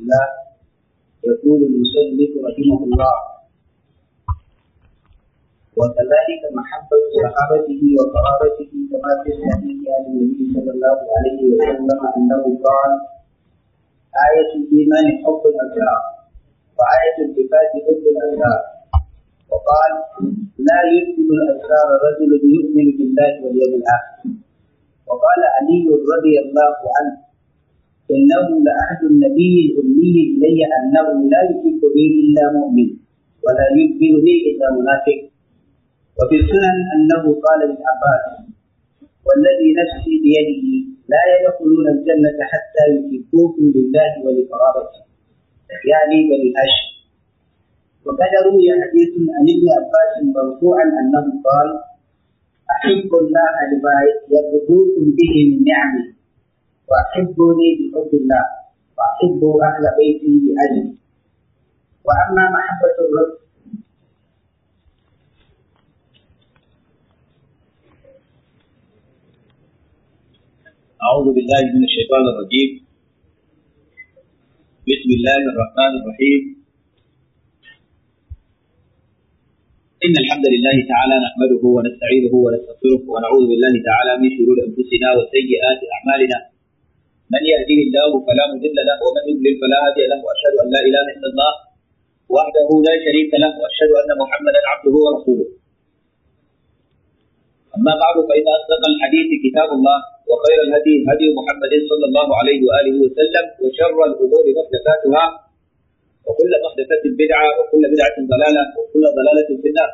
الله يقول المسلم رحمه الله وكذلك محبة صحابته وقرابته كما في الحديث عن النبي صلى الله عليه وسلم أنه قال آية الإيمان حب الأشرار وآية الدفاع حب الأشرار وقال لا يؤمن الأشرار رجل يؤمن بالله واليوم الآخر وقال علي رضي الله عنه إنه لعهد النبي الأمي إلي أنه لا يحبني إلا مؤمن ولا يقبلني إلا منافق وفي السنن أنه قال للعباس والذي نفسي بيده لا يدخلون الجنة حتى يحبوكم لله ولقرابته يعني بني هاشم وقد روي حديث عن ابن عباس مرفوعا أنه قال أحب الله لما يربطوكم به من نعمه وأحبوني بحب الله وأحبوا أهل بيتي بأجلي وأما محبة الرب أعوذ بالله من الشيطان الرجيم بسم الله الرحمن الرحيم إن الحمد لله تعالى نحمده ونستعينه ونستغفره ونعوذ بالله تعالى من شرور أنفسنا وسيئات أعمالنا من يهديه الله فلا مضل له ومن يضلل فلا هادي له واشهد ان لا اله الا الله وحده لا شريك له واشهد ان محمدا عبده ورسوله اما بعد فان اصدق الحديث كتاب الله وخير الهدي هدي محمد صلى الله عليه واله وسلم وشر الامور محدثاتها وكل محدثه بدعه وكل بدعه ضلاله وكل ضلاله في النار.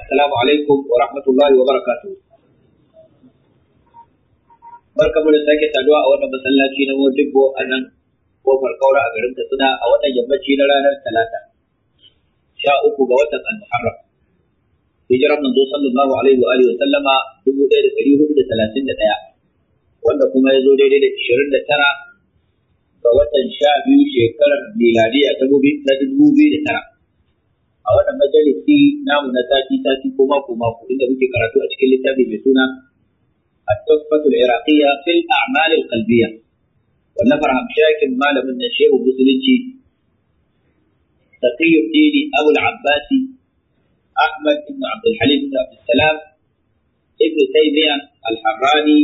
السلام عليكم ورحمه الله وبركاته. barka mu da sake saduwa a wannan masallaci na Modibbo a nan kofar kaura a garin Katsina a wannan yammaci na ranar Talata sha uku ga watan Al-Muharram hijirar manzo sallallahu alaihi wa alihi wa sallama ɗaya, wanda kuma ya zo daidai da 29 ga watan sha biyu shekarar miladiya ta 2009 a wannan majalisi namu na sati sati ko mako mako inda muke karatu a cikin littafi mai suna التحفة العراقية في الأعمال القلبية والنفر همشاكن مال من الشيخ بوسلجي تقي الدين أبو العباسي أحمد بن عبد الحليم بن عبد السلام ابن تيمية الحراني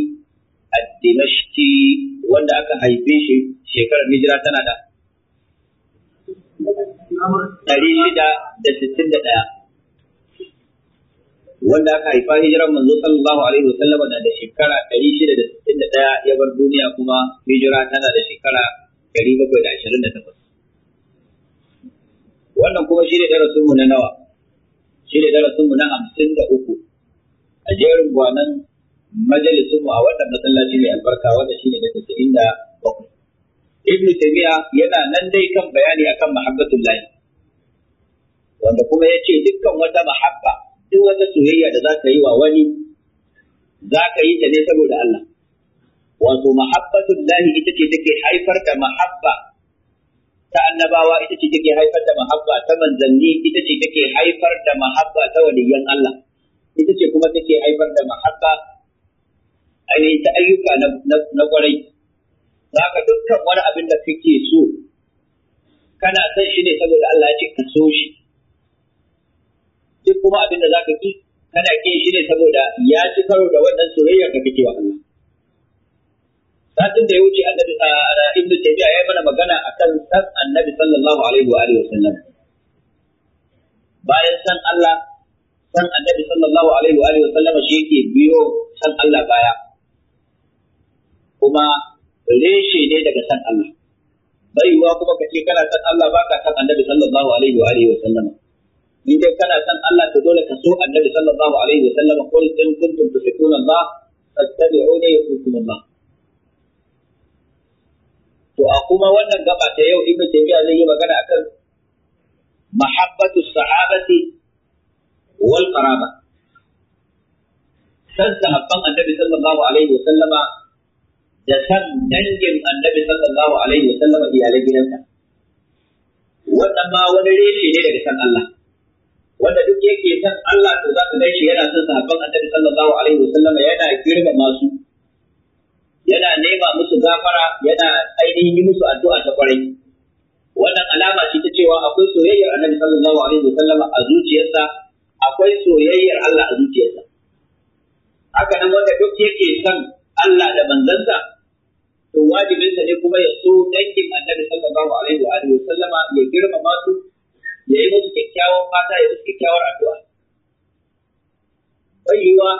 الدمشقي wanda aka haife shi shekarar hijira tana da ɗari shida da sittin da ɗaya wanda aka haifa hijiran manzo sallallahu alaihi wasallam na da shekara 661 ya bar duniya kuma hijira tana da shekara 728 wannan kuma shi ne darasinmu na nawa shi ne darasinmu na 53 a jerin gwanan majalisinmu a wannan masallaci mai albarka wanda shi ne da 97 ibnu tabi'a yana nan dai kan bayani akan mahabbatullahi wanda kuma yace dukkan wata mahabba duk wata soyayya da za ka yi wa wani za ka yi ta ne saboda Allah wato mahabbatul lahi ita ce take haifar da mahabba ta annabawa ita ce take haifar da mahabba ta manzanni ita ce take haifar da mahabba ta waliyan Allah ita ce kuma take haifar da mahabba ainihin ta ayyuka na kwarai za ka dukkan wani abin da kake so kana son shi ne saboda Allah ya ce ka so shi duk kuma abin da zaka ki kana ke shi ne saboda ya ci karo da wannan soyayya ka kike wa Allah satin da ya wuce annabi ibn taymiya ya yi mana magana akan san annabi sallallahu alaihi wa alihi wasallam bayan san Allah san annabi sallallahu alaihi wa alihi wasallam shi yake biyo san Allah baya kuma reshe ne daga san Allah baiwa kuma kace kana san Allah baka san annabi sallallahu alaihi wa alihi wasallam in dai kana san Allah to dole ka so annabi sallallahu alaihi wa sallam qul in kuntum tuhibbuna Allah fattabi'uni yuhibbukum Allah to a kuma wannan gaba ta yau ibnu taymiya zai yi magana akan mahabbatu sahabati wal qaraba san sahabban annabi sallallahu alaihi wa sallama da san dangin annabi sallallahu alaihi wa sallama iyalai gidansa wannan ma wani reshe ne daga san Allah wanda duk yake san Allah to za ka gaishe yana son sahabban Annabi sallallahu alaihi wasallam yana girmama su yana nema musu gafara yana ainihin yi musu addu'a ta kwarai wannan alama ce ta cewa akwai soyayyar Annabi sallallahu alaihi wasallam a zuciyarsa akwai soyayyar Allah a zuciyarsa haka nan wanda duk yake son Allah da manzansa to wajibinsa ne kuma ya so dangin Annabi sallallahu alaihi wa sallama ya girmama su ya yi musu kyakkyawan fata ya musu kyakkyawar addu'a bai yiwuwa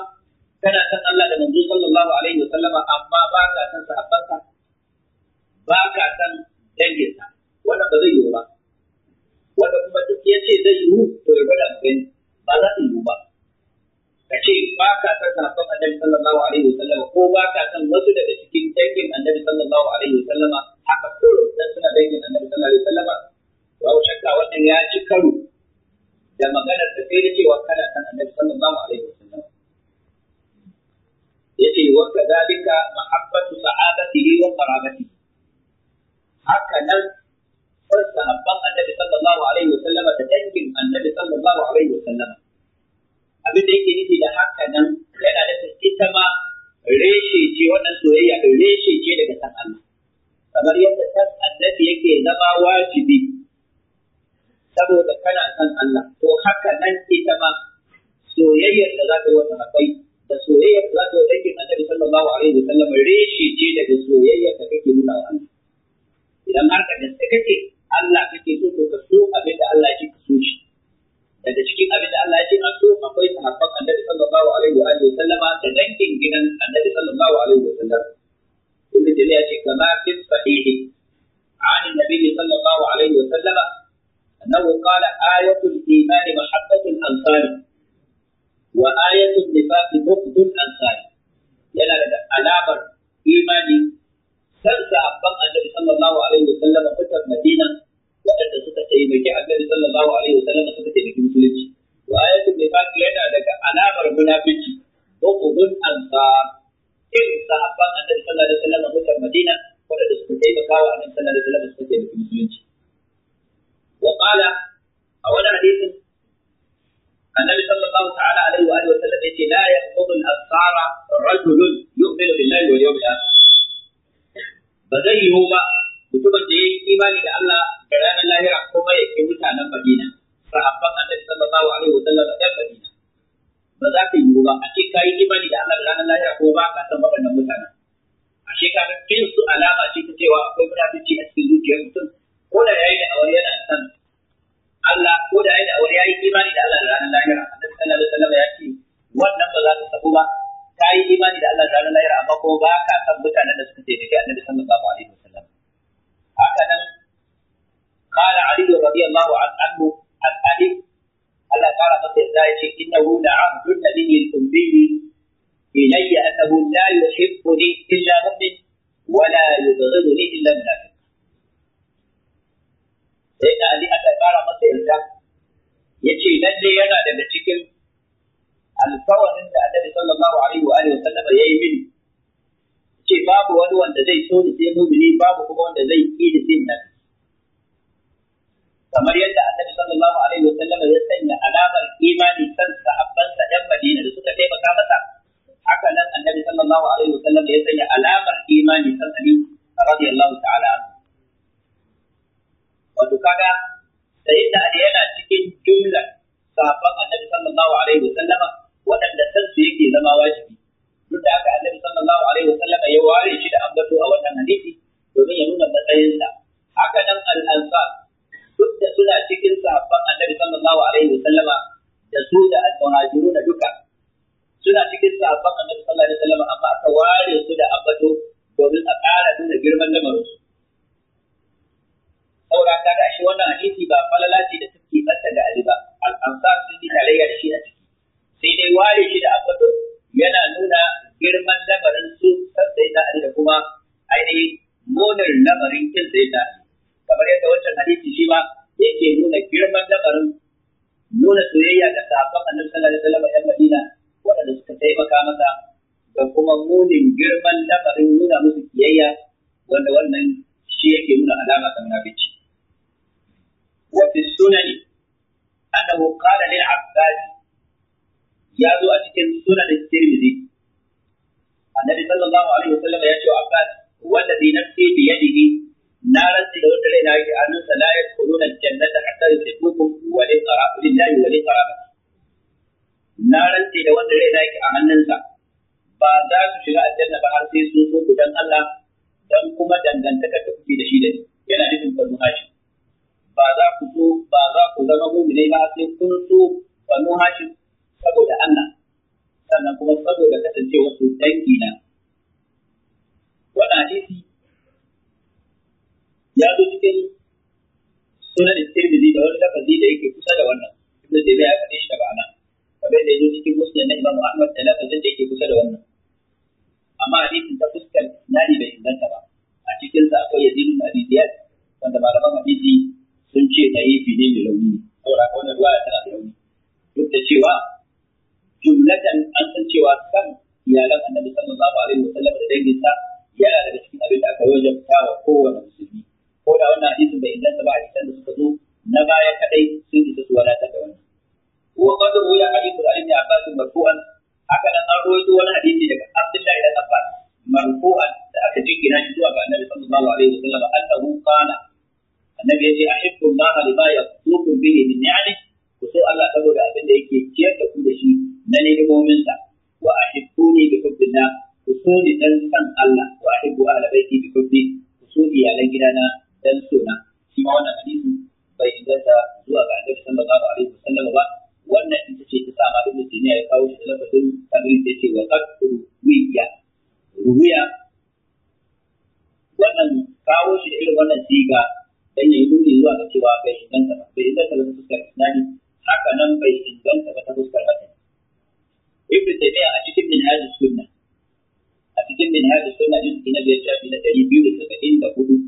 kana san Allah da manzo sallallahu alaihi wa sallama amma ba ka san sahabbansa ba ka san danginsa wannan ba zai yiwu ba wanda kuma duk ya ce zai yiwu to ya gwada mu gani ba za su yiwu ba ka ce ba ka san sahabban annabi sallallahu alaihi wa sallama ko ba ka san wasu daga cikin dangin annabi sallallahu alaihi wasallam a Madina ba za ka yi ba a ce ka yi imani da Allah da ranar lahira ko ba ka san waɗannan mutanen a ce ka ga su alama ce ta cewa akwai munafici a cikin zuciyar mutum ko da yi da aure yana san Allah ko da ya yi da aure ya yi imani da Allah da ranar lahira Annabi sallallahu alaihi wasallam ya ce wannan ba za ka sabu ba ka yi imani da Allah da ranar lahira amma ko ba ka san mutanen da suka ce taimaki Annabi sallallahu alaihi wasallam haka nan قال علي رضي الله عنه عن علي Allah ya kara masa yadda ya ce innahu la abdun nabiyyi al-ummi ilayya annahu la yuhibbuni illa mu'min wa la yubghiduni illa munafiq sai da Ali Allah ya kara Ya ce nan ne yana daga cikin alkawarin da Annabi sallallahu alaihi wa alihi wa sallama yayi mini ce babu wani wanda zai so ni sai mu'mini babu kuma wanda zai ƙi ni sai munafiq kamar yadda annabi sallallahu alaihi sallam ya sanya alamar imani san sa yan Madina da suka taimaka masa haka nan annabi sallallahu alaihi sallam ya sanya alamar imani san Ali radiyallahu ta'ala wato kaga sayyidina Ali yana cikin jumla sahabban annabi sallallahu alaihi sallam waɗanda san su yake zama wajibi duk da haka annabi sallallahu alaihi sallam ya ware shi da ambato a wannan hadisi domin ya nuna matsayinsa haka nan al-ansar duk da suna cikin sahabban annabi sallallahu alaihi wa sallama da su da al na duka suna cikin sahabban annabi sallallahu alaihi wa sallama amma aka ware su da ambato domin a ƙara nuna girman lamarin su saboda ka ga shi wannan hadisi ba falala ce da suke banta da Ali ba al-ansar sun yi tarayya da shi a ciki sai dai ware shi da ambato yana nuna girman lamarin su sai da Ali da kuma ainihin munin lamarin kin sai da Ali kamar yadda wancan hadisi shi ma yake nuna girman lamarin nuna soyayya da sahabban annabi sallallahu alaihi wasallam yan Madina waɗanda suka taimaka masa da kuma munin girman lamarin nuna musu kiyayya wanda wannan shi yake nuna alama ta munafici wa fi sunani annahu qala lil abbas ya zo a cikin sunanin tirmidhi annabi sallallahu alaihi wasallam ya ce wanda abbas والذي نفسي بيده na rantsi da wanda raina yake hannunsa la yadkhuluna aljannata hatta yusibukum wa li lillahi wa li qarabati na rantsi da wanda raina yake a hannunsa ba za su shiga aljanna ba har sai sun so gudan Allah dan kuma dangantaka ta kuke da shi da yana nufin banu hashim ba za ku zama mu'minai ba sai kun so banu hashim saboda Allah sannan kuma saboda kasancewa ya zo cikin sunan tirmidhi da wani lafazi da yake kusa da wannan ibnu taymiya ya faɗe shi da ba'ana kamar da ya cikin musnad na imamu ahmad da lafazin da yake kusa da wannan amma hadisin ta fuskar nadi bai inganta ba a cikin sa akwai yazid ibn abi wanda malaman hadisi sun ce da'ifi ne mai rauni ne saboda wannan ruwaya tana da rauni duk da cewa jumlatan an san cewa kan iyalan annabi sallallahu alaihi wasallam da danginsa yana daga cikin abin da aka wajabta wa kowane musulmi ko da wannan hadisin bai inganta ba a cikin da suka zo na baya kadai sun isa su wadatar da wannan wa ya ruya hadithu ibn abbas marfu'an haka nan an rawaito wani hadisi daga abdullahi ibn abbas marfu'an da aka jingina shi zuwa ga annabi sallallahu alaihi wa sallam annahu qala annabi yace ahibbu allaha lima yaqdukum bihi min ni'ami ku so Allah saboda abin da yake ciyar da ku da shi na ni'imominsa wa ahibbuni bi hubbillah ku so ni dan san Allah wa ahibbu ahla baiti bi hubbi ku so iyalan gidana dan suna shi ma wannan hadisi bai inganta zuwa ga annabi sallallahu alaihi wasallam ba wannan ita ce ta sa ma ibnu taymiya ya kawo shi da lafazin tabri da ce wa qad ruwiya ruwiya wannan kawo shi da irin wannan siga dan yayi nuni zuwa ga cewa bai inganta ba bai inganta ba fuskar isnadi haka nan bai inganta ba ta fuskar hadisi ibnu taymiya a cikin minhaj sunna a cikin minhaj sunna din na biyar shafi na dari biyu da da saba'in hudu.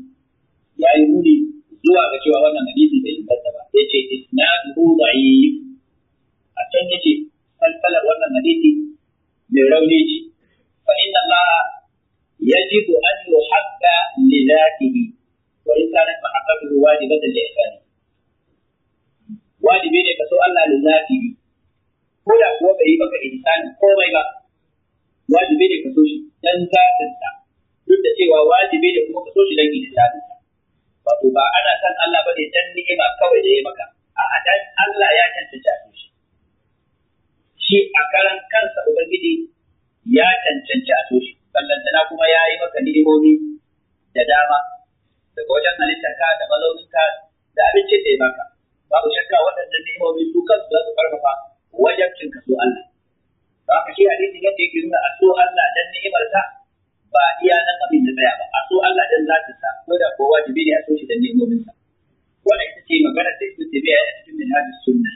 ya yi nuni zuwa ga cewa wannan hadisi bai inganta ba ya ce isnaduhu da'if a can ya ce falsalar wannan hadisi mai rauni ce fa inna Allah yajibu an yuhabba li dhatihi wa in kanat mahabbatuhu wajibatan li ihsani wajibi ne ka so Allah li dhatihi ko da kuwa bai yi maka ihsani komai ba wajibi ne ka so shi dan zatinsa duk da cewa wajibi ne kuma ka so shi dan ihsani wato ba ana san Allah ba ne dan ni'ima kawai da ya maka a'a dan Allah ya cancanci shi shi a karan kansa ubangiji ya cancanci a shi ballantana kuma ya yi maka ni'imomi da dama daga wajen ka da ka da abincin da ya maka babu shakka waɗannan ni'imomi su kansu za su farfafa wajen cin kaso Allah ba ka shi hadisin yadda yake nuna a Allah dan ni'imarsa ba iya nan abin da tsaya ba a so Allah dan zaki sa ko da kowa wajibi ne a so shi da nemomin sa wanda ita ce magana da ita ce biya cikin minhaj sunna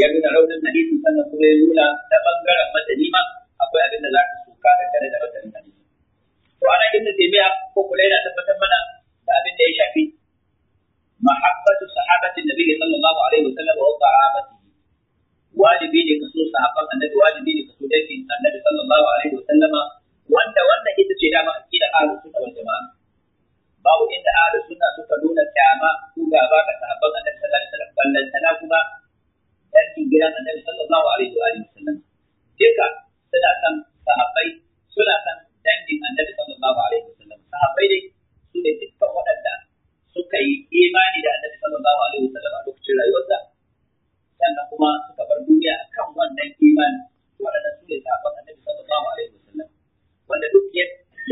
ya ga raudan hadisin sannan kuma ya nuna ta ɓangaren madani ma akwai abin da zaka so ka da kare da madani ma to ana ibn taymiya ko kula yana tabbatar mana da abin da ya shafi mahabbatu sahabati nabi sallallahu alaihi wasallam wa sahabati wajibi ne ka so sahabban annabi wajibi ne ka so dakin annabi sallallahu alaihi wasallama wanda wannan ita ce dama aqida ahlus sunna wal jamaa babu inda ahlus sunna suka nuna kyama ko ba ka sahabban annabi sallallahu alaihi wasallam ballan tana kuma yakin gidan annabi sallallahu alaihi wa sallam duka suna san sahabbai suna san dangin annabi sallallahu alaihi wa sallam sahabbai dai su ne dukkan waɗanda suka yi imani da annabi sallallahu alaihi wa sallam a lokacin rayuwarsa sannan kuma suka bar duniya akan wannan imani waɗanda su ne sahabban annabi sallallahu alaihi wa sallam wanda duk ya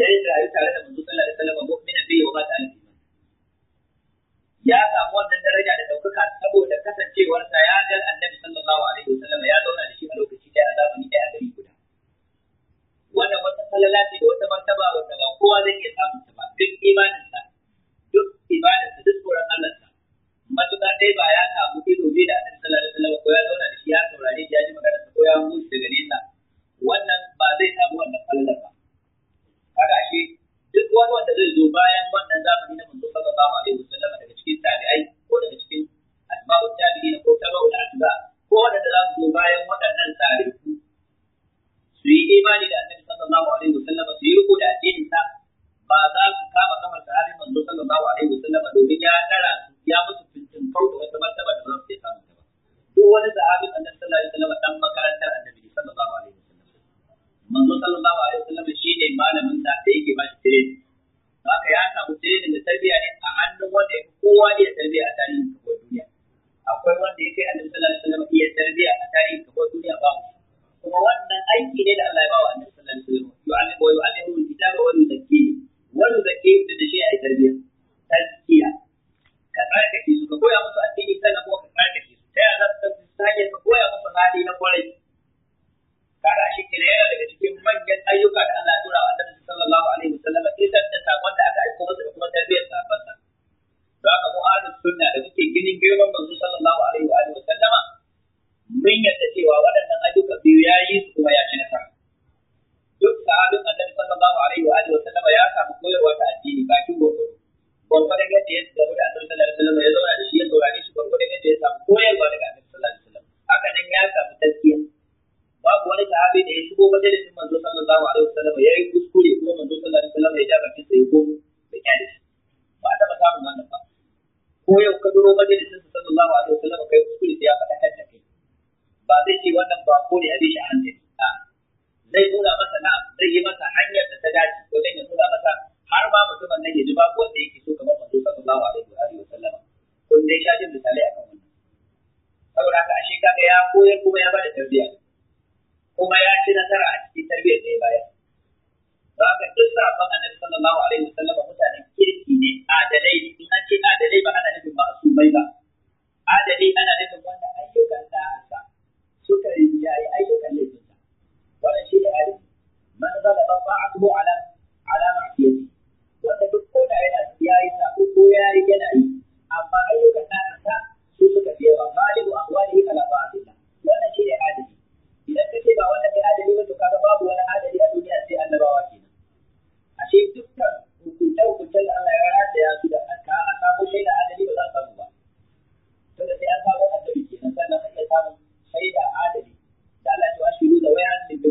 yi rayu tare da manzo sallallahu alaihi wasallam mu'minin bai wa mata alaihi ya samu wannan daraja da daukaka saboda kasancewarsa ya ga annabi sallallahu alaihi wasallam ya zauna da shi a lokaci da a zamani da a gari guda wannan wata falala ce da wata martaba wanda ba kowa zai iya samun ta ba duk imaninsa duk ibadarsa duk tsoron Allahnsa matuƙa dai ba ya samu ido ne da annabi sallallahu alaihi wasallam ko ya zauna da shi ya saurare shi ya ji magana ko ya mutu daga nesa wannan ba zai samu wannan falala ba kaga ashe duk wani wanda zai zo bayan wannan zamani na manzo sallallahu alaihi wasallam daga cikin tabi'ai ko daga cikin tabi'in ko ko wanda zo bayan waɗannan tarihi su yi imani da annabi sallallahu alaihi wasallam su yi da addinin sa ba za su kama kamar sahabin manzo sallallahu alaihi wasallam domin ya tara ya musu farko wata martaba da ba su samu ba duk wani annabi sallallahu alaihi wasallam dan makarantar annabi sallallahu alaihi manzo sallallahu alaihi wasallam shine malamin da da yake ba shi training haka ya samu training da tarbiyya ne a hannun wanda ya kowa iya tarbiyya a tarihin kawai duniya akwai wanda ya kai annabi sallallahu alaihi wasallam iya tarbiyya a tarihin kawai duniya ba kuma wannan aiki ne da Allah ya ba wa annabi sallallahu alaihi wasallam yu'allimu wa yu'allimu al-kitaba wa yuzakkihi wa yuzakkihi da shi ai tarbiyya tazkiya ka tsarkake su ka koya musu addini sannan kuma ka tsarkake su ta yaya za su tsarkake su ka koya musu hali na kwarai kada shi kina yana daga cikin manyan ayyuka da Allah ya dora wa Annabi sallallahu alaihi wasallam isar da sakon da aka aiko masa da kuma tarbiyyar sahabbansa to haka mu ahlus sunna da muke ginin girman manzo sallallahu alaihi wa alihi wasallama mun yadda cewa waɗannan ayyuka biyu ya yi su kuma ya ci nasara duk sahabin Annabi sallallahu alaihi wa alihi wasallama ya samu koyarwa ta addini bakin gurgurdu gurgurdan yadda ya gamu da Annabi sallallahu alaihi wasallam ya zauna da shi ya saurare shi gurgurdan yadda ya samu koyarwa daga Annabi sallallahu alaihi wasallam haka ya samu tazkiya babu wani sahabi da ya shigo majalisin manzo sallallahu alaihi wasallam ya yi kuskure ko manzo sallallahu alaihi wasallam ya ja bakin sa ya ko da kyale ba a taba samun wannan ba ko yau ka duro majalisin sallallahu alaihi wasallam kai kuskure da ya faɗa kan kai ba zai ce wannan ba ko ne a shi a hankali a zai nuna masa na'am zai yi masa hanyar da ta dace wajen ya nuna masa har ma mutumin nan ya ji babu wanda yake so kamar manzo sallallahu alaihi wasallam kun dai sha jin misalai akan wannan saboda haka ashe kaga ya koyar kuma ya bada tarbiyya kuma ya ci nasara a cikin tarbiyyar da ya bayar ba ka duk sabon annabi sallallahu alaihi wasallam mutanen kirki ne adalai ne in an ce adalai ba ana nufin ba ma'asumai ba adali ana nufin wanda ayyukan da'ansa suka rinjaye ayyukan laifinsa wannan shi ne adali man ba ba'athu ala ala ma'siyati wanda duk ko da yana yayi sabo ko yayi yana yi amma ayyukan da'ansa su suka fi yawa galibu ba a ba'athillah wannan shi ne adali idan ka ce ba wannan mai adali ba to kaga babu wani adali a duniya sai annabawa kenan ashe dukkan hukunce hukuncen da Allah ya ya su da aka a samu shaida adali ba za a samu ba to da sai an samu annabi kenan sannan an iya samun shaida adali da Allah ya ce wa shi da wai din ku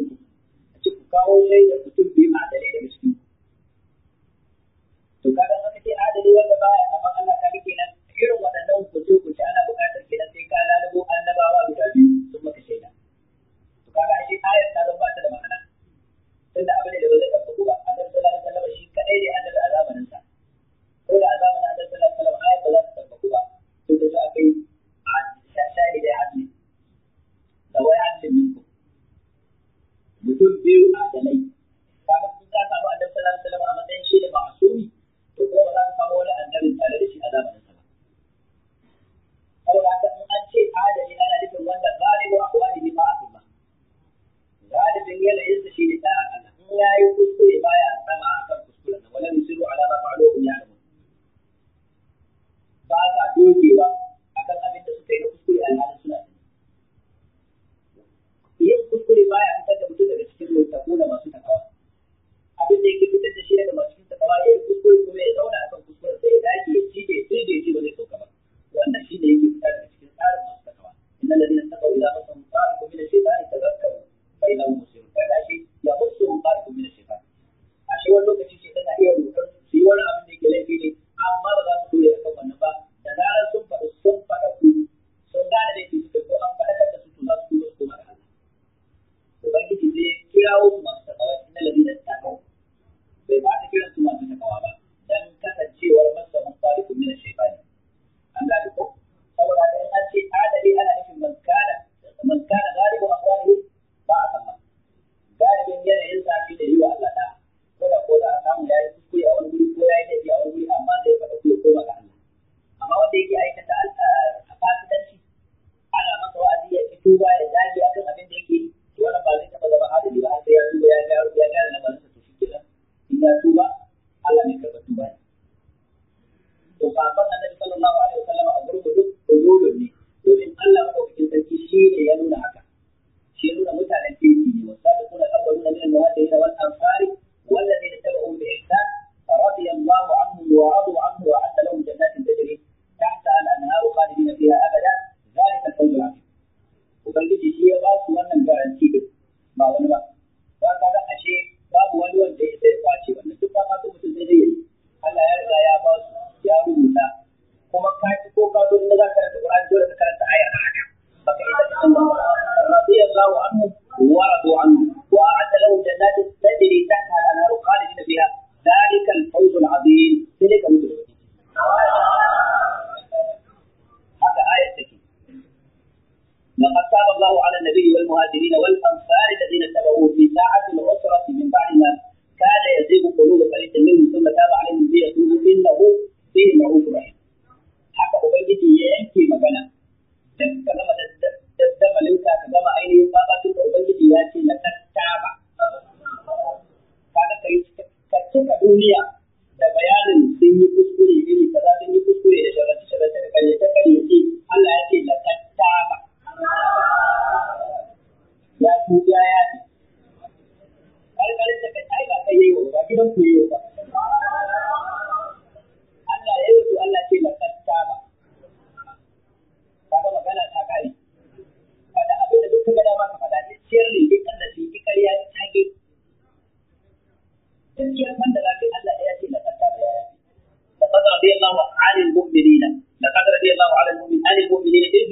a ce ku kawo shaida mutum biyu adalai daga cikin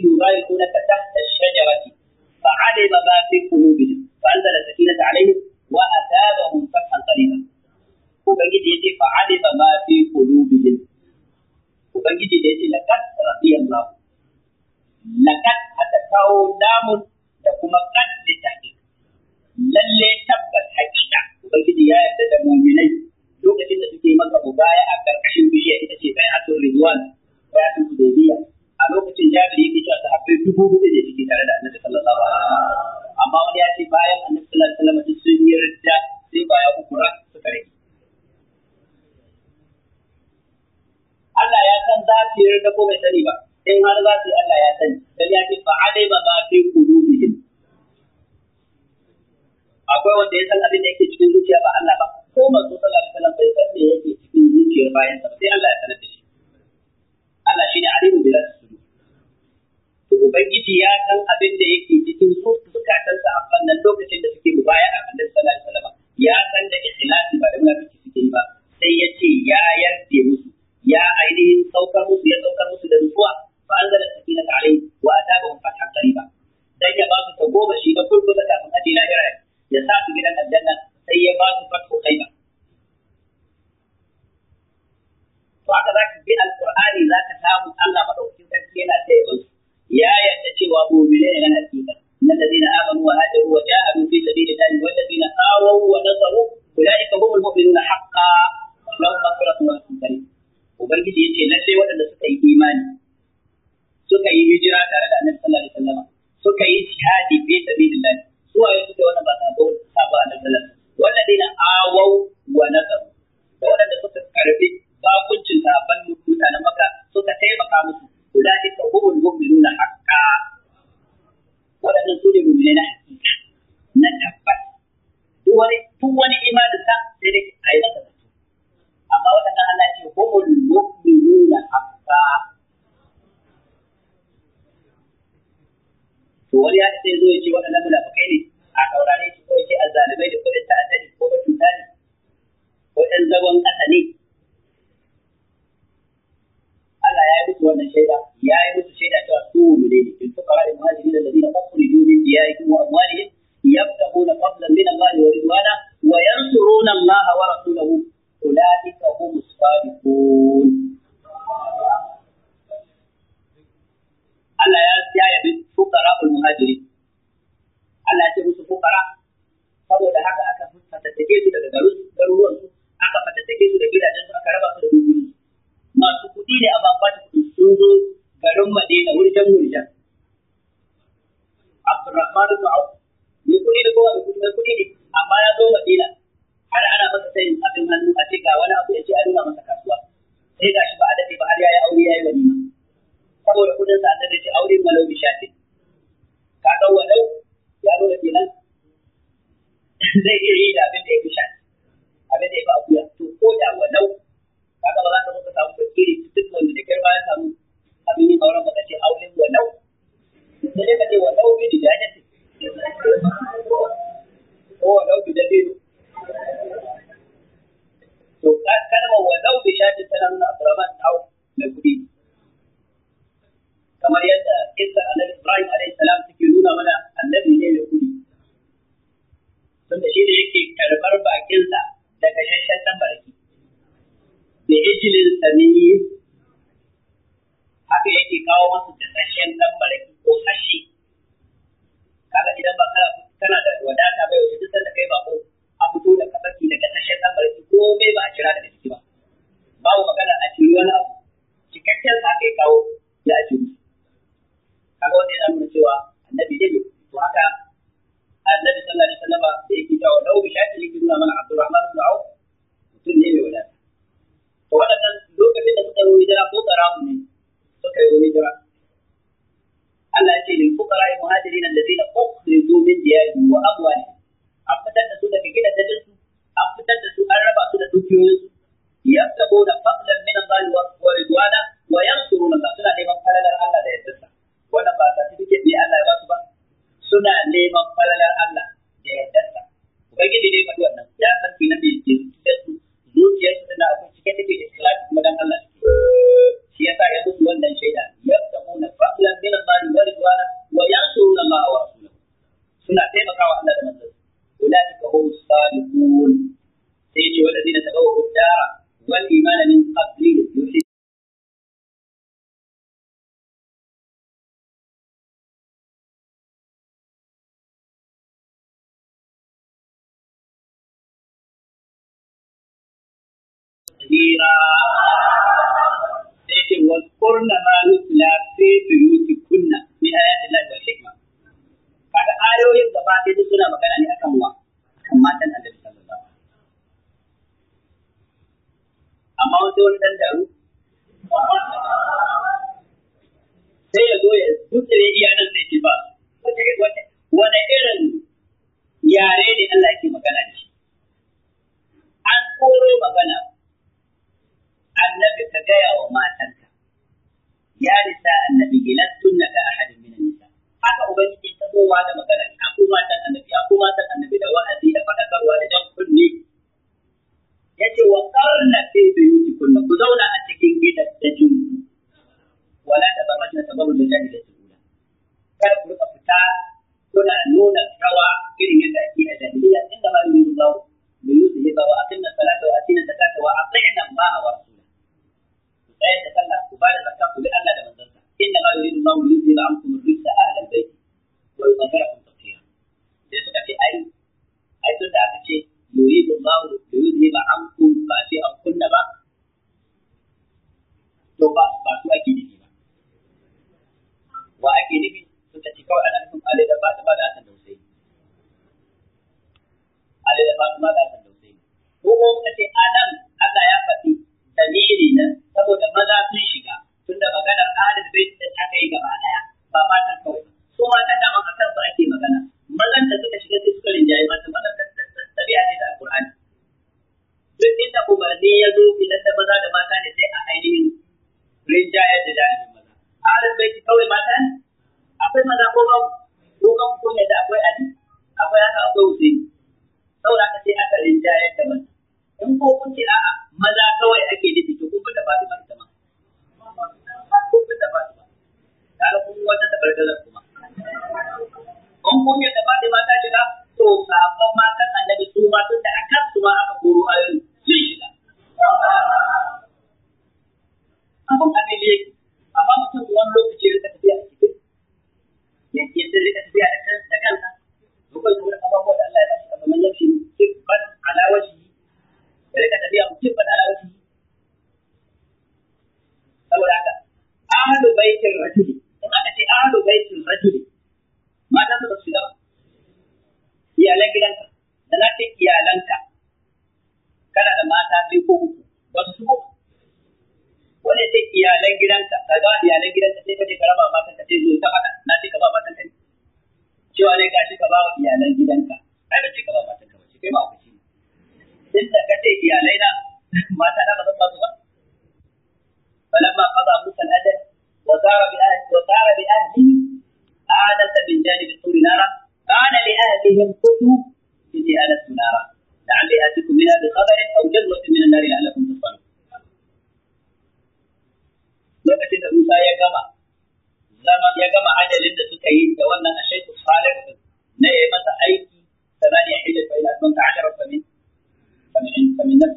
you like karbar bakinsa daga shashen ɗan barki. Da ijilin samiyi haka yake kawo masu da sashen ɗan barki ko sashi. Kaga idan ba kana kana da wadata bai wajen duk da kai ba ko a fito da kafaki daga sashen ɗan barki ko bai ba a kira daga ciki ba. Babu magana a cikin wani abu. Cikakken sa kai kawo ya a Kaga wanda yana nuna cewa annabi ne to haka annabi sallallahu alaihi wasallam da yake cewa lau bi shaki yake nuna mana Abdurrahman ibn Auf mutum ne mai wadata to waɗannan lokacin da suka yi hijira ko karamu ne suka yi hijira Allah ya ce lil fuqara al muhajirin alladhina ukhriju min diyarihim wa amwalihim an fitar da su daga gidajen su an fitar da su an raba su da dukiyoyin su yabtaguna fadlan min Allah wa ridwana wa yansuruna Allah suna neman falalar Allah da yardarsa wannan ba ta cikin ne Allah ya ba su ba suna neman falalar Allah da yardarsa ubangiji dai faɗi wannan ya san na bai ke su zuciyar su tana akwai cike take da ikhlasi kuma dan Allah shi yasa ya mutu wannan shaida yabtaquna fadlan min Allah wa ridwana wa yansuruna Allah wa rasulahu suna taimakawa Allah da manzon ka hum salihun sai ce wallazina tabawwa'u ad-dara wal imana min qablihim كثيرا لكن واذكرن ما يتلى في بيوتكن من آيات الله والحكمة kaga ayoyin gaba ɗaya duk suna magana ne akan wa kan matan annabi sallallahu alaihi wasallam amma wani wani dan daru sai ya zo ya dutsire iya nan wani lokaci ya rika tafiya a cikin ya ke sun rika tafiya da kansa da kansa mukan kuma abubuwa da Allah ya bashi a zaman yafi kibban alawashi ya rika tafiya kibban alawashi saboda haka ahlu baitin rajuli in aka ce ahlu baitin rajuli mata su ba su shiga iyalan gidanka da na ce iyalanka kana da mata biyu ko uku wasu su wani sai iyalan gidanka ka ga iyalan gidanka sai kace ka raba matan ka sai zo ta faɗa na ce ka ba matan ka cewa ne gashi ka ba wa iyalan gidanka ai ba ce ka ba matan ka ba ce kai ma ku ci din da kace iyalai na mata na ba zan ba su ba falamma qada musa al-ajal wa sara bi ahli wa sara bi ahli آنس من جانب الطور نارا قال لأهلهم كتوا إني آنست نارا لعلي آتيكم منها بخبر أو جذوة من النار لعلكم تصلون lokacin da Musa ya gama zama ya gama ajalin da suka yi da wannan ashaitu salih na yi masa aiki sanani a hijja ila na ta'ala ta'ajar min kamin nan.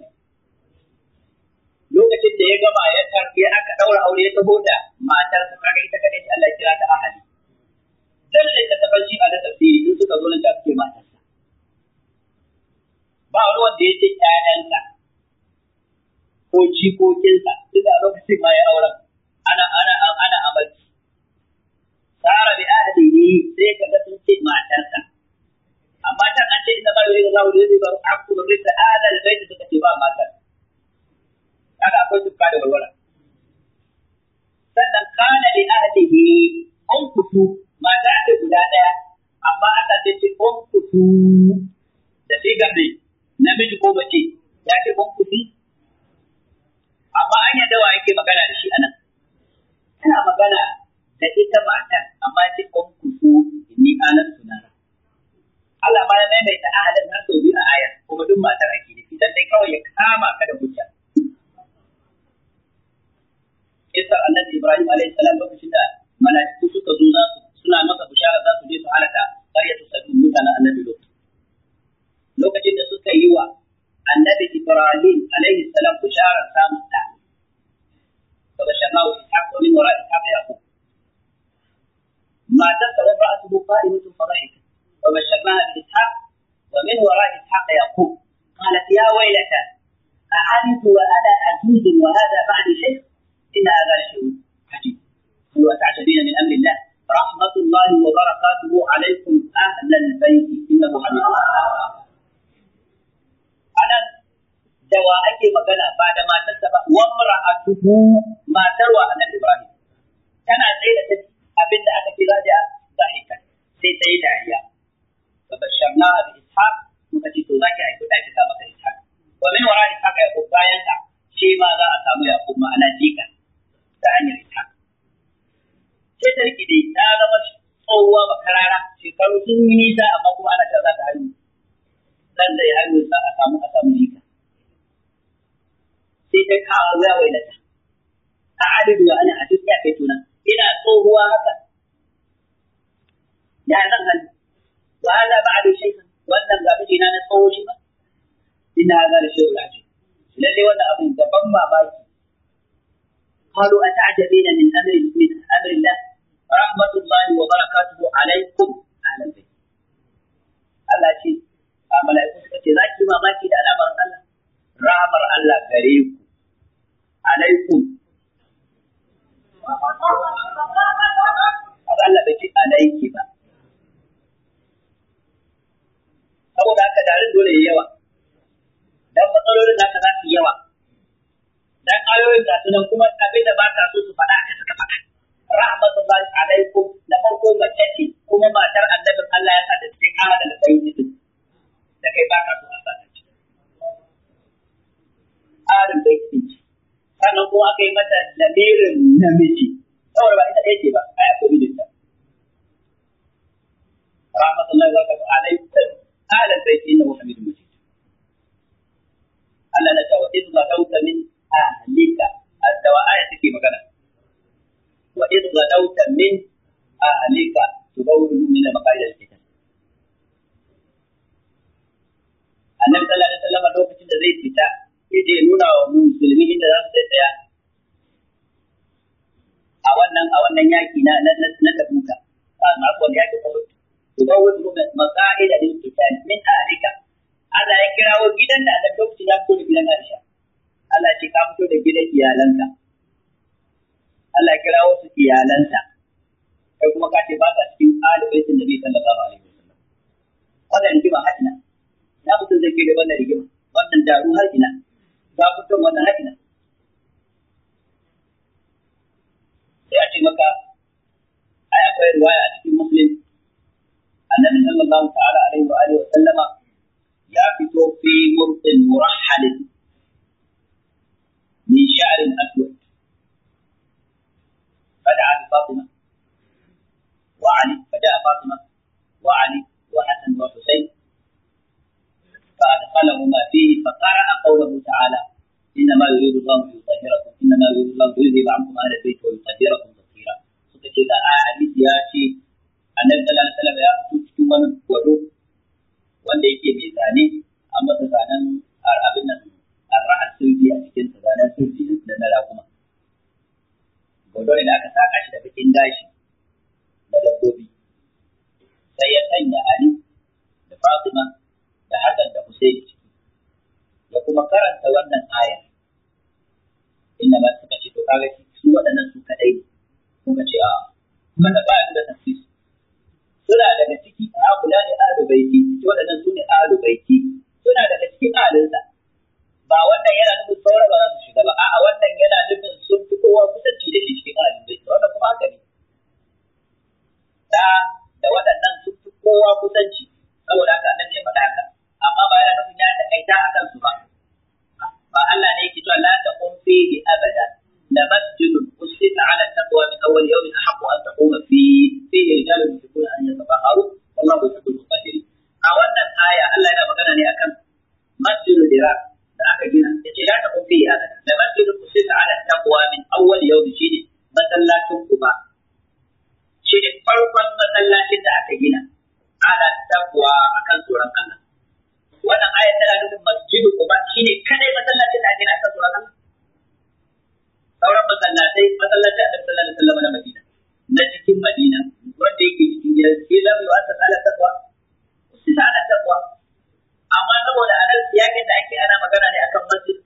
lokacin da ya gama ya ya aka daura aure ya ta da matar ta kaga ita kadai Allah ya kira ta ahali dan da ta shi a da tafsiri in suka zo nan ta ce matarsa ba wani wanda ya ce ƴaƴansa ko jikokinsa duk a lokacin ma ya auren ana ana ana abarci sara bi ahlihi sai ka ga sun ce matarsa amma tan an ce inna ma yuridu Allahu yuridu ba aku bi rita ala albayt suka ce ba matar kaga akwai tukka da walwala sannan kana li ahlihi an kutu mata ta guda daya amma Allah sai ce an kutu da sai ga namiji ko mace ya ce an kutu amma an yadda wa yake magana da shi anan tana magana da ita matar amma ki kun kusu ni anan sunana Allah ma ya maimaita ahadan har sau biyu a aya kuma duk matar ake nufi dan dai kawai ya kama ka da hujja kisa annabi Ibrahim alaihi salam lokacin da mala'iku suka zo za su suna masa bishara za su je su halaka ƙarya su sabbin mutanen annabi lokacin da suka yi wa annabi Ibrahim Salaam salam bisharar samun ta. فبشرناه اسحاق ومن وراء اسحاق يعقوب ما تبقى وامراته قائمه فضحكت وبشرناها باسحاق ومن وراء اسحاق يعقوب قالت يا ويلتى أعرف وانا عجوز وهذا بعدي شيخ ان هذا لشيء عجيب قل وتعجبين من امر الله رحمه الله وبركاته عليكم اهل البيت انه حميد مجيد da wa ake magana ba da matarsa ba wa mar'atuhu matar wa annabi Ibrahim tana tsaye da abinda aka kira za a zahika sai ta yi dariya fa basharna bi ishaq muka ce to zaki aiki da ta maka ishaq wa min wara ishaq ya bayan ka shi ma za a samu ya kuma ana jika ta hanyar ishaq sai ta rike dai ta zama tsohuwa bakarara shekaru sun yi nisa amma kuma ana ta za ta haihu dan da ya haihu sa a samu a samu jika sai ta kama wuya wai lata a adadu wa ana hadis ya kai tuna ina tsohuwa haka ya zan hannu wa ana ba da shaikhan wannan ga mijina na tsoho shi ba ina ga da shehu laji lalle wannan abin da ban mamaki قالوا أتعجبين من أمر min أمر الله رحمة الله وبركاته عليكم أهل البيت Allah ce a mala'iku suka ce za ki mamaki da alamar Allah rahamar Allah gare ku alaikum kaga Allah bai ce alaiki ba saboda haka darin dole yayi yawa dan matsalolin naka za su yawa dan ayoyin ga nan kuma abin da ba ta so su faɗa ka suka faɗa rahmatullahi alaikum da farko mace ce kuma matar annabin Allah ya sa da cikin ana da lafayi cikin da kai ba ka so a sa ta ci. Ƙarin baiti sannan kuma aka yi mata lamirin namiji saboda ba ita ɗaya ce ba a ai akwai mijinta rahmatullahi wa barakatuhu alaihi ala baiti innahu hamidun majid Allah na tawa idh ghadawta min ahlika addawa aya take magana wa idh ghadawta min ahlika tubawwi'u min maqaida al-kitab annabi sallallahu alaihi wasallam lokacin da zai fita yaje nuna wa musulmi inda za su tsaya a wannan a wannan yaki na na na tabuka a makon yaki ko tubawul maqaida lil qital min ahlika Allah ya wa gidan da Allah lokacin ya ko da gidan Aisha Allah ce ka fito da gidan iyalanka Allah ya kirawo su iyalanta kai kuma ka ce ba ka cikin ahlul baitin nabi sallallahu alaihi wasallam wannan rigima hatina na mutum zai ke da wannan rigima wannan daru har ina zabutan wani hadina sai a ce maka ai akwai ruwaya a cikin muslim annabi sallallahu ta'ala alaihi wa alihi wa sallama ya fito fi murdin murahhalin min sha'rin aswad fada'a bi fatima wa ali fada'a fatima وعلم ما فيه فقرأ قوله تعالى إنما يريد الله ليطهركم إنما يريد الله ليذهب عنكم أهل البيت ويطهركم تطهيرا سكتي أحاديث يا شيء annabi sallallahu alaihi wasallam ya fito cikin wani wanda yake mai zane a masa abin nan arra'ar sulbi a cikin sa sulbi da na rakuma gwado ne da aka saka shi da bikin gashi na dabbobi sai ya sanya ali da fatima da hasan da husaini da kuma karanta wannan aya inda ba suka ce to kaga su waɗannan su kaɗai, kuma ce ah, a mana ba da tafsir suna daga ciki a kula da ahlul baiti waɗannan su ne ahlul baiti suna daga cikin ahalinsa ba wannan yana nufin sauran ba za su shiga ba a'a wannan yana nufin sun fi kowa kusanci da shi cikin ahlul baiti wanda kuma haka ne da da waɗannan sun fi kowa kusanci saboda haka annabi ya faɗa haka amma ba yana nufin ya takaita a kansu ba ba Allah ne yake cewa la taqum fihi abada la masjidun usita ala taqwa min awwal yawm ahqqu an taquma fihi fihi rijalun yusifuna an yatafakkaru wallahu yuhibbul mutafakkirin a wannan aya Allah yana magana ne akan masjidul dirar da aka gina Ya yace la taqum fihi abada la masjidun usita ala taqwa min awwal yawm shine masallacin ku kuba shine farkon masallacin da aka gina ala taqwa akan tsoron Allah wannan ayat tana nufin masjidu kuma shine kadai masallacin da ake na kan tsoron Allah sauran masallatai masallacin da sallallahu alaihi wasallam na Madina na cikin Madina wanda yake cikin gidan sai lam yu'assas ala taqwa sai ala taqwa amma saboda anan siyakin da ake ana magana ne akan masjid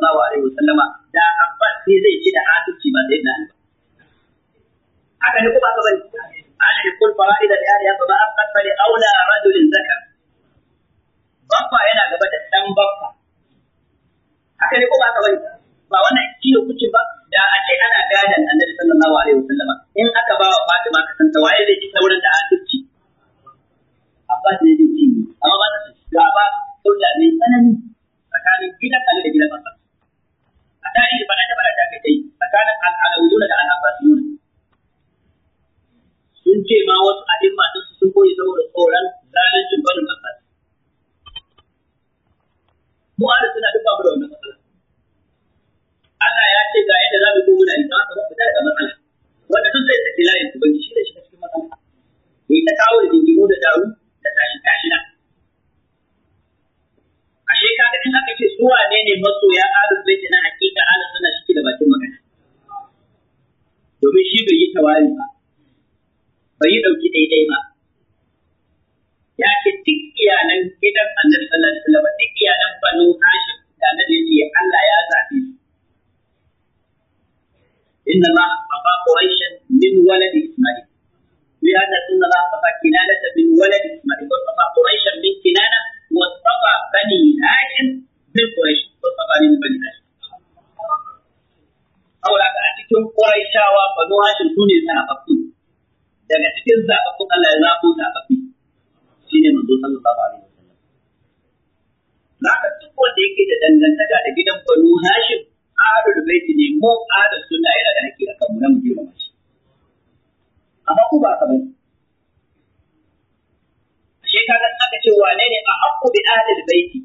sallallahu alaihi wasallama kaga aka ce wane ne a haqqu bi ahlil baiti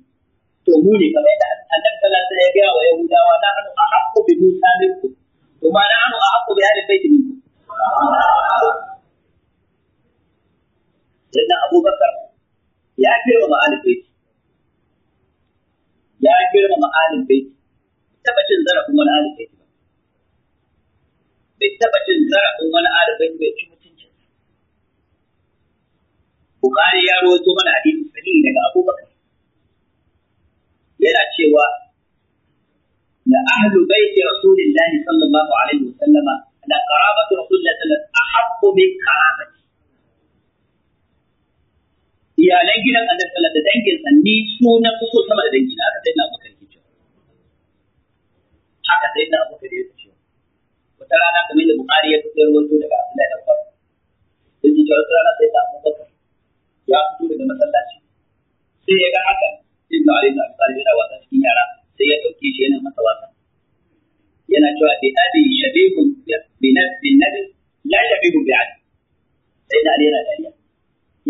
to mu ne kamar yadda annabi sallallahu alaihi ya gaya wa yahudawa na hannu a haqqu bi musa minku, to ma na hannu a haqqu bi ahlil baiti minkum sannan abubakar ya girmama ahlil baiti ya girmama ahlil baiti tabbacin cin zarafin wani ahlil baiti bai tabbacin zarafin wani ahlil baiti bai ci Bukhari ya rawaito mana hadisi sahihi daga Abubakar yana cewa da ahlu baiti rasulillahi sallallahu alaihi wasallam da qarabatu rasulillahi sallallahu alaihi wasallam ahabbu min qarabati iyalan gidan annabi sallallahu da dangin sa ni su na kuso sama da dangin haka sai na Abubakar ke cewa haka sai na Abubakar ya ce wata rana kamar da Bukhari ya fitar wato daga Abdullahi da Abbas yake cewa wata rana sai na Abubakar ya fito daga masallaci sai ya ga haka ibn ali da abdul yana wasa cikin yara sai ya dauke shi yana masa wasa yana cewa bi abi shabibun bi nabi nabi la shabibun bi ali sai da ali yana dariya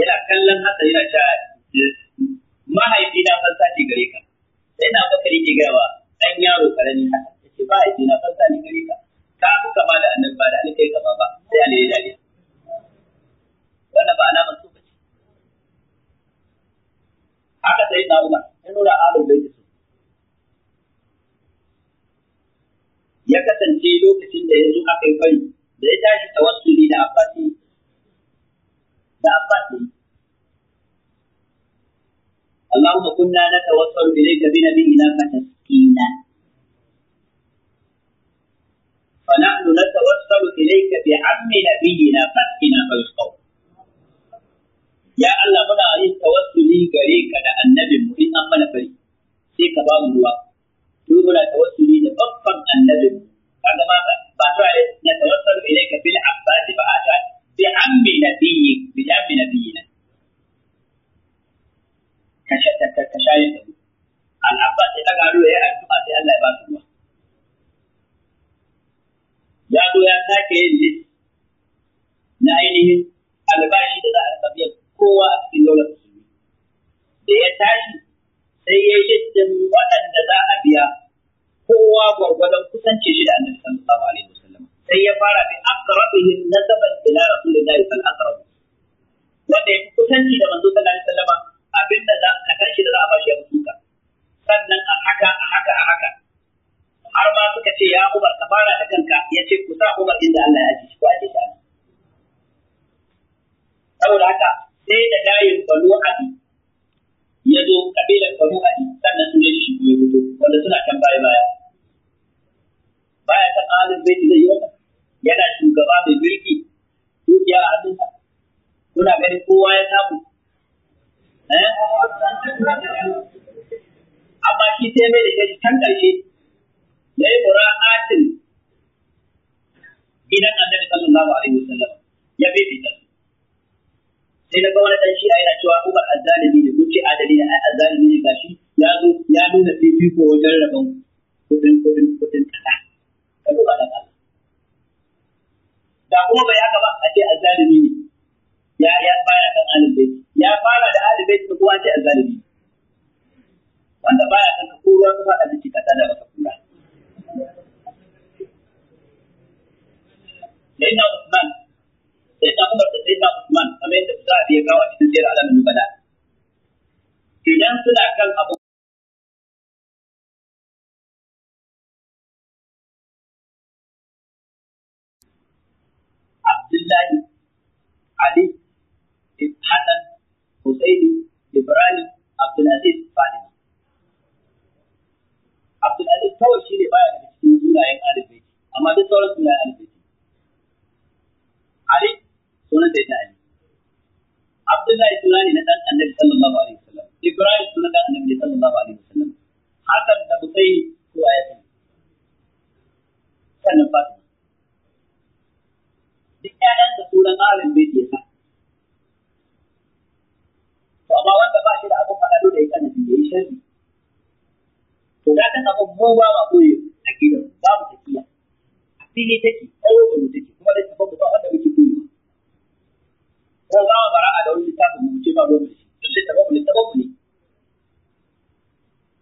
yana kallon haka yana cewa mahaifina fansa ce gare ka sai na bakari ke gawa dan yaro karami haka yace mahaifina fansa ne gare ka ka fi kama da annabi ba da alkai kama ba sai ali ya dariya wannan ba alamar su haka sai na Umar ya nuna alul baiti su ya kasance lokacin da ya zo aka yi bai da ya tashi tawassuli da abbasi da abbasi اللهم كنا نتوسل إليك بنبينا فتسقينا فنحن نتوسل إليك بعم نبينا فاسقنا فيسقون يا الله wasu tawassuli gare ka da annabin mu in an mana fari sai ka ba mu ruwa to muna tawassuli da babban annabin kaga ma ba ta ne na tawassul ilayka bil abbas ba a ta bi ammi nabiyyi bi ammi nabiyyina ka ta ka shayi da al abbas sai ga ruwa ya addu'a sai Allah ya ba su ruwa ya zo ya sake yin list na ainihin albashi da za a tafiya kowa a cikin daular musulmi da ya tashi sai ya yi waɗanda za a biya kowa gwargwadon kusanci shi da annabi sallallahu alaihi wasallam sai ya fara bi aqrabihim nasaban ila rasulillahi sallallahu alaihi wasallam wanda ya fi kusanci da manzo sallallahu alaihi wasallam abin da za ka shi da za a bashi ya mutuka sannan a haka a haka a haka har ma suka ce ya Umar ka fara da kanka ya ce ku sa Umar inda Allah ya ji ku aje ta saboda haka sai da layin banu abi ya zo kabilar banu abi sannan sun yi shi goyi fito wanda suna can baya baya baya san alin bai zai yi wata yana shugaba mai mulki dukiya a hannunsa kuna ganin kowa ya samu eh? amma shi sai mai da shi can ƙarshe ya yi mura'atin gidan annabi sallallahu alaihi wasallam ya bibita sai na ga wani dan shi yana cewa ubar azzalimi ne kun ce adali ne ai ne gashi ya zo ya nuna fifiko wajen rabon kudin kudin kudin kasa ka duba da kasa da kuma bai haka ba a ce azzalimi ne ya ya fara kan alibai ya fara da alibai ta kuma ce azzalimi wanda baya kan ka kowa kuma a da kasa da baka kula Sayyidina Usman ya kawo a cikin siyar alamun nubala idan suna kan abu Abdullahi Ali Hassan Husaini Ibrahim Abdulaziz Fatima Abdulaziz kawai shi ne baya da cikin sunayen alibai amma duk sauran sunayen alibai Ali sunan da ya Ali Abdullahi suna na dan annabi sallallahu alaihi wasallam Ibrahim suna dan annabi sallallahu alaihi wasallam Hasan da Husayn su ya san sannan Fatima duk ƴaƴan da sunan Ahlul Bayt ya san to amma wanda ba shi da abin faɗa dole ya kana ya yi sharri to da kan abin mu ba ma koyi a gidan babu tafiya a fili take tsawo da mu take kuma da tabbata ba wanda muke koyi ba ko za mu bara a da wani littafin mu ce ba mu su. littafin mu littafin mu ne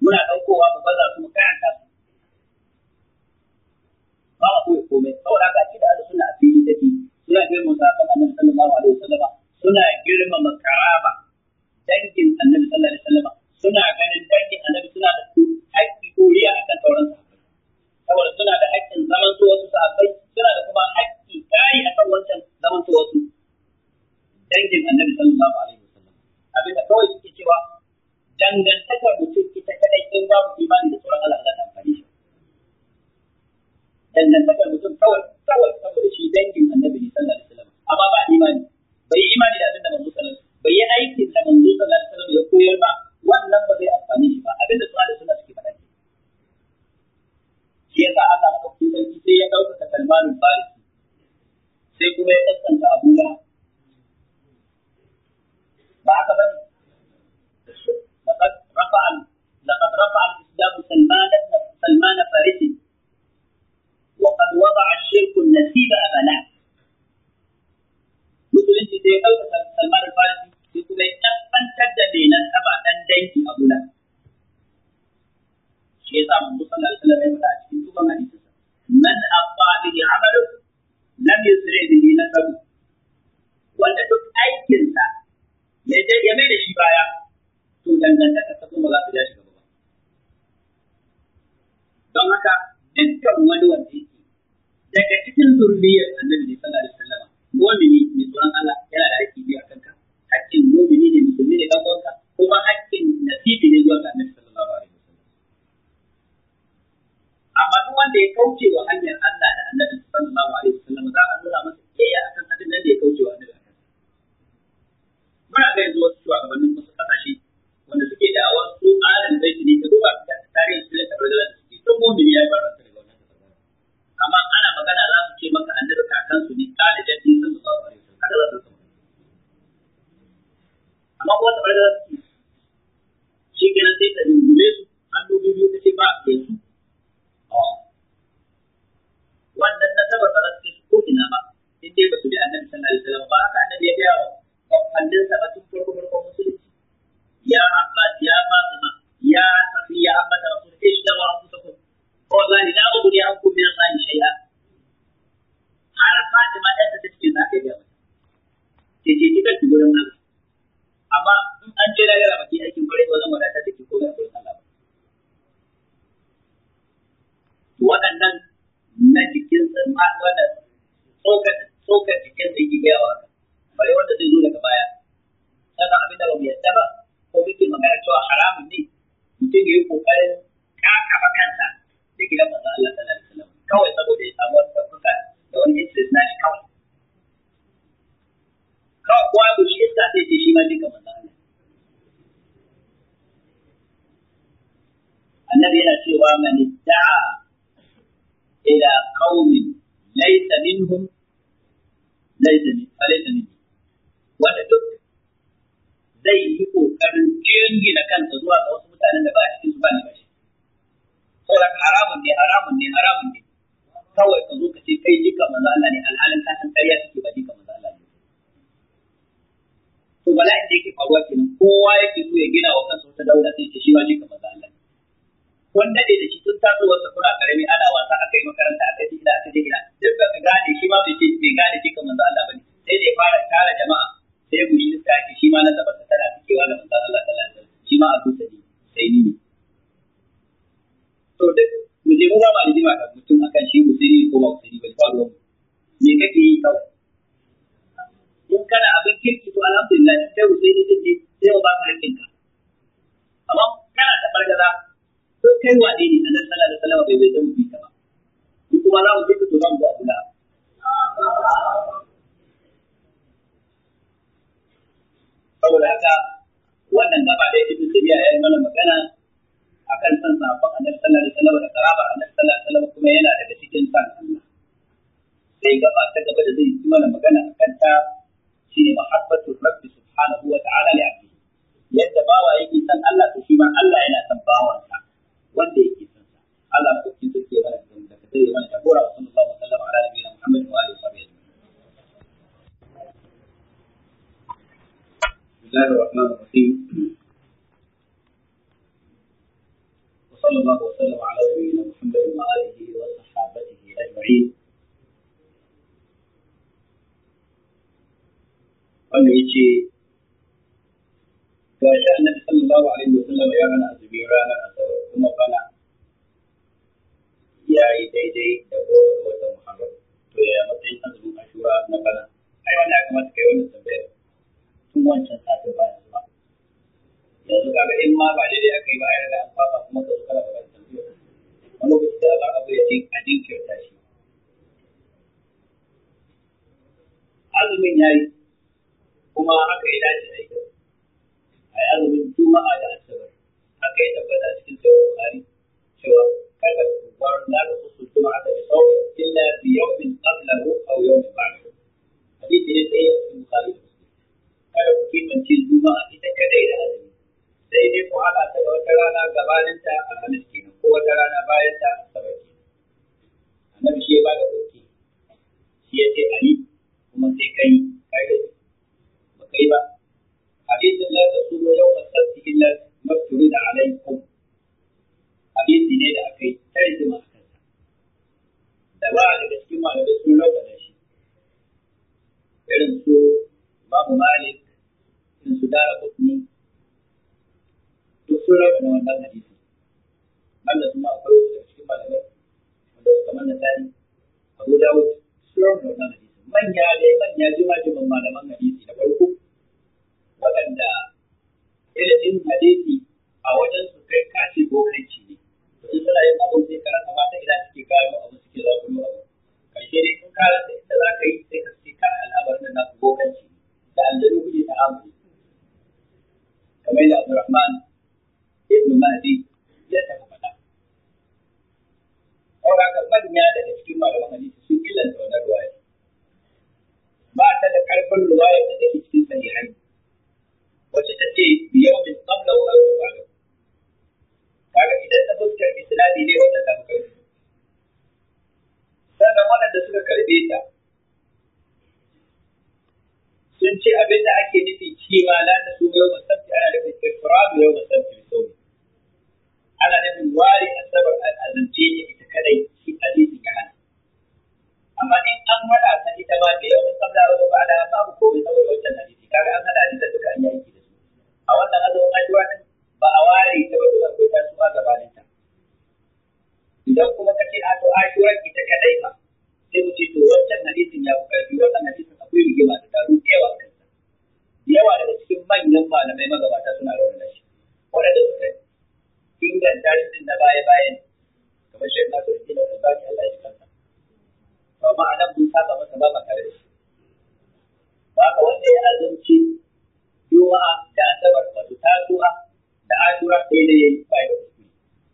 muna ɗaukowa mu baza su mu kayan su ba mu koyi komai saboda haka shi da ala suna a fili take suna girma sakon annabi sallallahu alaihi wasallama suna girma makaraba dangin annabi sallallahu alaihi wasallama suna ganin dangin annabi suna da su haƙƙi doriya akan sauran saboda suna da haƙƙin zaman su wasu sahabbai suna da kuma haƙƙi kari akan wancan zaman su wasu dangin annabi sallallahu alaihi wasallam abin da kawai suke cewa dangantakar mutum ita kadai in za mu imani da tsoron Allah za amfani shi dangantakar mutum kawai kawai saboda shi dangin annabi sallallahu alaihi wasallam amma ba imani bai imani da abin da manzo sallallahu bai yi aikin da manzo sallallahu alaihi wasallam ya ya ce ki kanki gurin amma in an aikin ba zan wadata da ki ko zan waɗannan na tsokar gawa wanda zai zo daga baya sannan abin da ba mu yadda ba ko muke magana cewa haramun ne mutum ya yi kokarin kansa da gidan Allah sallallahu alaihi wasallam kawai saboda ya samu wata ɗaukaka da wani interest na shi kawai kawai kowa ya gushi iska sai ce shi ma duka manzo Allah annabi yana cewa man da'a ila qaumin laysa minhum laysa min falaysa min wanda duk zai yi kokarin jingina kansa zuwa ga wasu mutanen da ba a cikin su ba ne ba shi saboda haramun ne haramun ne haramun ne kawai ka zo ka ce kai duka manzo Allah ne alhalin ka san ƙarya kake ba duka maza. to bala'in da yake faruwa kenan kowa yake so ya gina wa kansa wata daula sai ce shi ma jika manzo Allah kun dade da shi tun tasowar sa kuna karami ana wasa aka yi makaranta aka ji da aka jira duk da ka gane shi ma bai ce bai gane jika manzo Allah bane sai dai fara tara jama'a sai guji ta ake shi ma na zaba ta tana fikewa da manzo Allah ta alaihi shi ma a tusa ne sai ni ne to duk mu je mu ba ma rijima da mutum akan shi mutum ko ba mutum ba ba ruwan me kake yi kawai in kana abin kirki to alhamdulillah sai kai husaini din ne sai mu baka hakkin ka amma kana ta bargaza ko kai wane ne nan sallallahu alaihi wasallam bai bai da mutunta ba in kuma za mu fita to za mu ga kula saboda haka wannan gaba da ibnu tabiya ya yi mana magana akan san sabon annabi sallallahu alaihi wasallam da karaba annabi sallallahu alaihi wasallam kuma yana daga cikin san Allah sai gaba ta gaba da zai yi mana magana akan ta shine mahabbatul rabbi subhanahu wa ta'ala li abdi yadda bawa yake san Allah to shi ma Allah yana san bawansa wanda yake san sa Allah ko kin take mana da kai mana da gora sallallahu alaihi wa sallam ala nabiyina Muhammad wa alihi wa sahbihi الله الرحمن الرحيم وصلى الله وسلم على نبينا محمد وآله وصحابته أجمعين wanda ya ce ga shi annabi sallallahu alaihi wa sallam ya hana azumi ranar asabar kuma bana ya yi daidai da kowace wata muharram to ya matsayin azumin ashura na bana ai wani ya kamata kai wani tambayar tun wancan satin ba yanzu ba yanzu kaga in ma ba daidai aka yi ba ai da an fara kuma ka zuka da Wani tambayar wani lokaci da Allah abu ya ce a jinkirta shi azumin ya yi kuma haka ya dace a yi a yi azumin juma'a da asabar haka ya tabbata cikin sai bukari cewa kada ku da aka ta kusu juma'a da sau illa bi yawmin qablahu aw yawmin ba'dahu hadisi ne a cikin bukari kada ku kimanta juma'a ita kadai da azumi sai dai ku haɗa ta da wata rana gabaninta a hannun kenan ko wata rana bayan ta asabar kenan annabi shi ya ba da doki shi ya ce ali kuma sai kai kai kai ba hadisin la ta sumo yau a sabbi illa mafturi da alaikum hadisi ne da aka yi ta rigima a kansa da ba a daga cikin malamai sun raunana shi irin su babu malik irin su dara kutni duk sun raunana wannan hadisi banda kuma akwai wasu daga cikin malamai wanda suka manna tari. abu dawud sun raunana wannan hadisi manya ne manya jima-jiman malaman hadisi da farko waɗanda ilimin hadisi a wajen su kai kashi ci ne domin suna yin abin sai karanta mata ina suke gano abu suke za ku yi abu karshe dai kun karanta ita za ka yi sai ka ce kan al'amarin da naku ci da aljanu kuɗi ta amu kamar da abdurrahman ibn mahdi ya tafi faɗa saboda haka manya daga cikin malaman hadisi sun illanta wannan ruwaya ba ta da karfin ruwayar da take cikin sahihan wacce ta ce biyau min qabla wa yawmin ba'da kaga idan ta fuskar isnadi ne wannan ta karfi sannan waɗanda suka karbe ta sun ce abin da ake nufi cewa la ta su yau masabti ana nufin ifradu yau masabti sau ana nufin wari asabar al'azance ta ita kadai shi azizin ya hana amma in an hada ta ita ma da yau kan da wani ba'da babu komai saboda wancan hadisi kaga an hada ita duka an yaki da su a wannan azumin ajuwa din ba a ware ta wata zan koyi ta su a gabanin ta idan kuma kace a to ajuwa ita kadai ba sai mu ce to wancan hadisin ya fi karfi wannan hadisin akwai rigima da taru yawa kansa yawa daga cikin manyan malamai magabata suna rawaina shi waɗanda suka inganta shi da baya-bayan kamar shekara da Allah ya kansa to amma a nan mun saba masa ba ma tare shi ba ka wanda ya azumci juma'a da asabar wato tasu'a da ashura sai da yayi bai da kuskure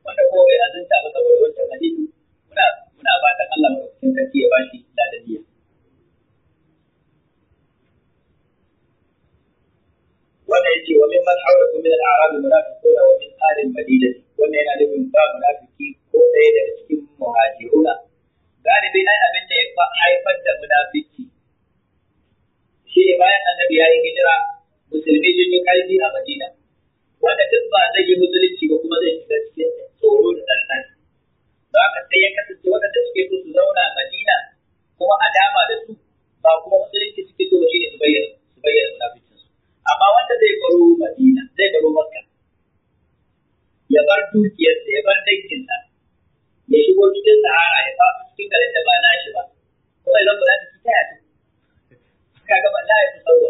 wanda ko bai azumta ba saboda wancan hadisi muna muna fatan Allah mu cikin sarki ya bashi ladadiya wanda yake wa min man hawlakum min al-a'rab munafiquna wa min ahli al-madinah wannan yana nufin ba munafiki ko ɗaya daga cikin muhajiruna galibi nan abin da ya haifar da munafiki shi ne bayan annabi ya yi hijira musulmi sun yi ƙarfi a madina wanda duk ba zai yi musulunci ba kuma zai shiga cikin tsoro da ɗanɗan Ba ka sai ya kasance waɗanda suke so su zauna madina kuma a dama da su ba kuma musulunci suke so shi ne su bayyana su bayyana munafikin su amma wanda zai baro madina zai baro makka ya bar dukiyarsa ya bar danginsa ya shigo cikin sahara ya fafi cikin garin da ba na shi ba kuma idan ba za ta kita ya ta kaga ba la ya ta sauwa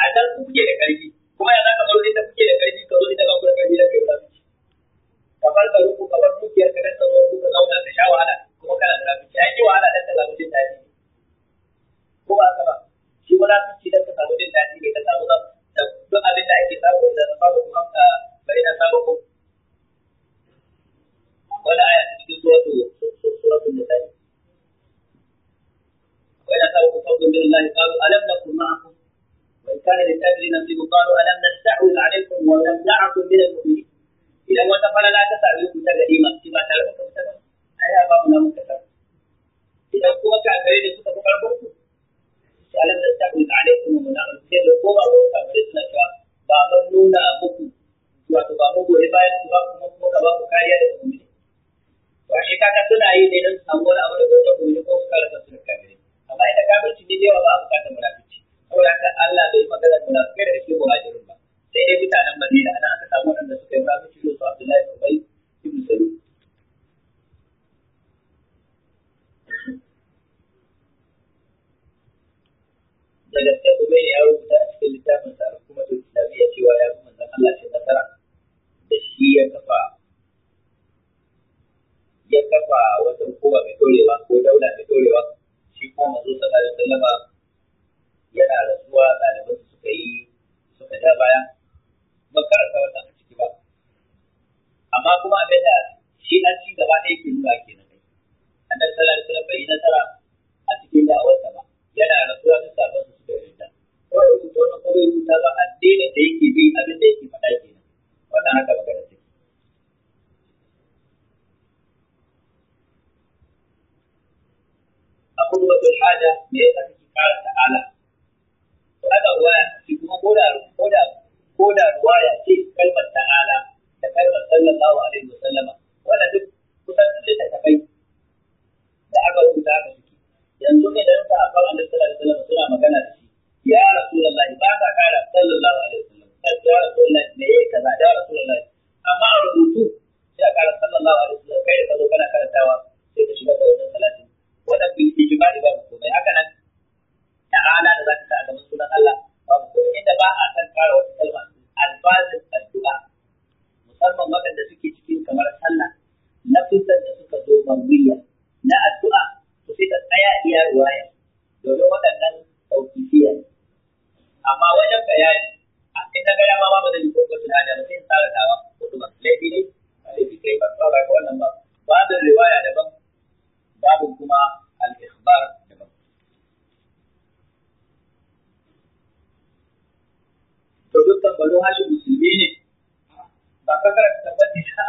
a dan kuke da karfi kuma yana ka zo inda kuke da karfi ka zo inda ba ku da karfi da kai ba ka bar ka ruku ka bar dukiyar ka dan tsaro ku ka zauna ka sha wahala kuma kana da rafi ya ki wahala dan tsala mutum ta yi ko ba ka ba shi ba wala kuke dan ka samu jin daɗi ne ka samu da duk abin da ake samu da samu kuma ka bari na samu kuma ولا آية في سورة سورة النساء وإذا سألوا فضل من الله قالوا ألم نكن معكم وإن كان للأجر نصيب قالوا ألم نستحوذ عليكم ونمنعكم من المؤمنين إذا وتفعل لا تسألوكم تقديما فيما تلوك متبع أي أباؤنا مكتب إذا قوة كافرين كتبوا قلبكم ألم نستحوذ عليكم ونمنعكم من المؤمنين كافرين ba mun nuna muku wato ba mu goyi bayan ku ba ku muka ba ku kariya da to ashe kaga suna yi ne don su samu wani abu da gobe gobe ko su kare kansu da kafiri amma ita kafirci ne da yawa ba a bukatar munafici saboda haka Allah bai magana munafikai da shi cikin muhajirin ba sai dai mutanen Madina ana aka samu waɗanda suka yi munafici su Abdullahi ibn Ubay ibn Salul da gaske kuma ya rubuta a cikin littafin sa kuma da ya cewa ya fi manzon Allah shi nasara da shi ya kafa kafa wata hukuma mai dorewa ko daula mai dorewa shi kuma manzo sallallahu alaihi wasallama yana rasuwa ɗaliban suka yi suka ja baya ba karanta wannan a ciki ba amma kuma abin da shi na ci gaba ɗaya ke nuna kenan annabi sallallahu alaihi wasallam bai yi nasara a cikin da'awarsa ba yana rasuwa duk sabon su suka rinda ko rubuta wannan ko su ta ba addinin da yake bi abin da yake faɗa kenan wannan haka ba ce a kurbatul hada ya yasa su kara ta'ala to ana waya shi kuma koda koda koda ya ce kalmar ta'ala da kalmar sallallahu alaihi sallama. wannan duk kusan duk da ta tafai da aka rubuta aka suke yanzu ne da sa akan annabi sallallahu alaihi wasallam suna magana da shi ya rasulullah ba ka kara sallallahu alaihi wasallam ya rasulullah me yake kaza ya rasulullah amma rubutu sai ka kara sallallahu alaihi wasallam kai da kazo kana karantawa sai ka shiga da wannan salatin waɗanda yake jimari babu komai haka nan ta'ala da za ka sa a gaban sunan Allah babu komai inda ba a san kara wata kalma alfazin addu'a musamman waɗanda suke cikin kamar sallah na fuskar da suka zo marwiya na addu'a su sai ka tsaya iya ruwaya domin waɗannan taukifiya amma wajen bayani a cikin daga gaya ma ba zai yi kokon suna da mutum tsara tawa ko kuma laifi ne laifi kai ba tsara wannan ba ba da riwaya daban babu kuma al-ikhbar daban to dukkan balo hashin musulmi ne ba ka karanta ba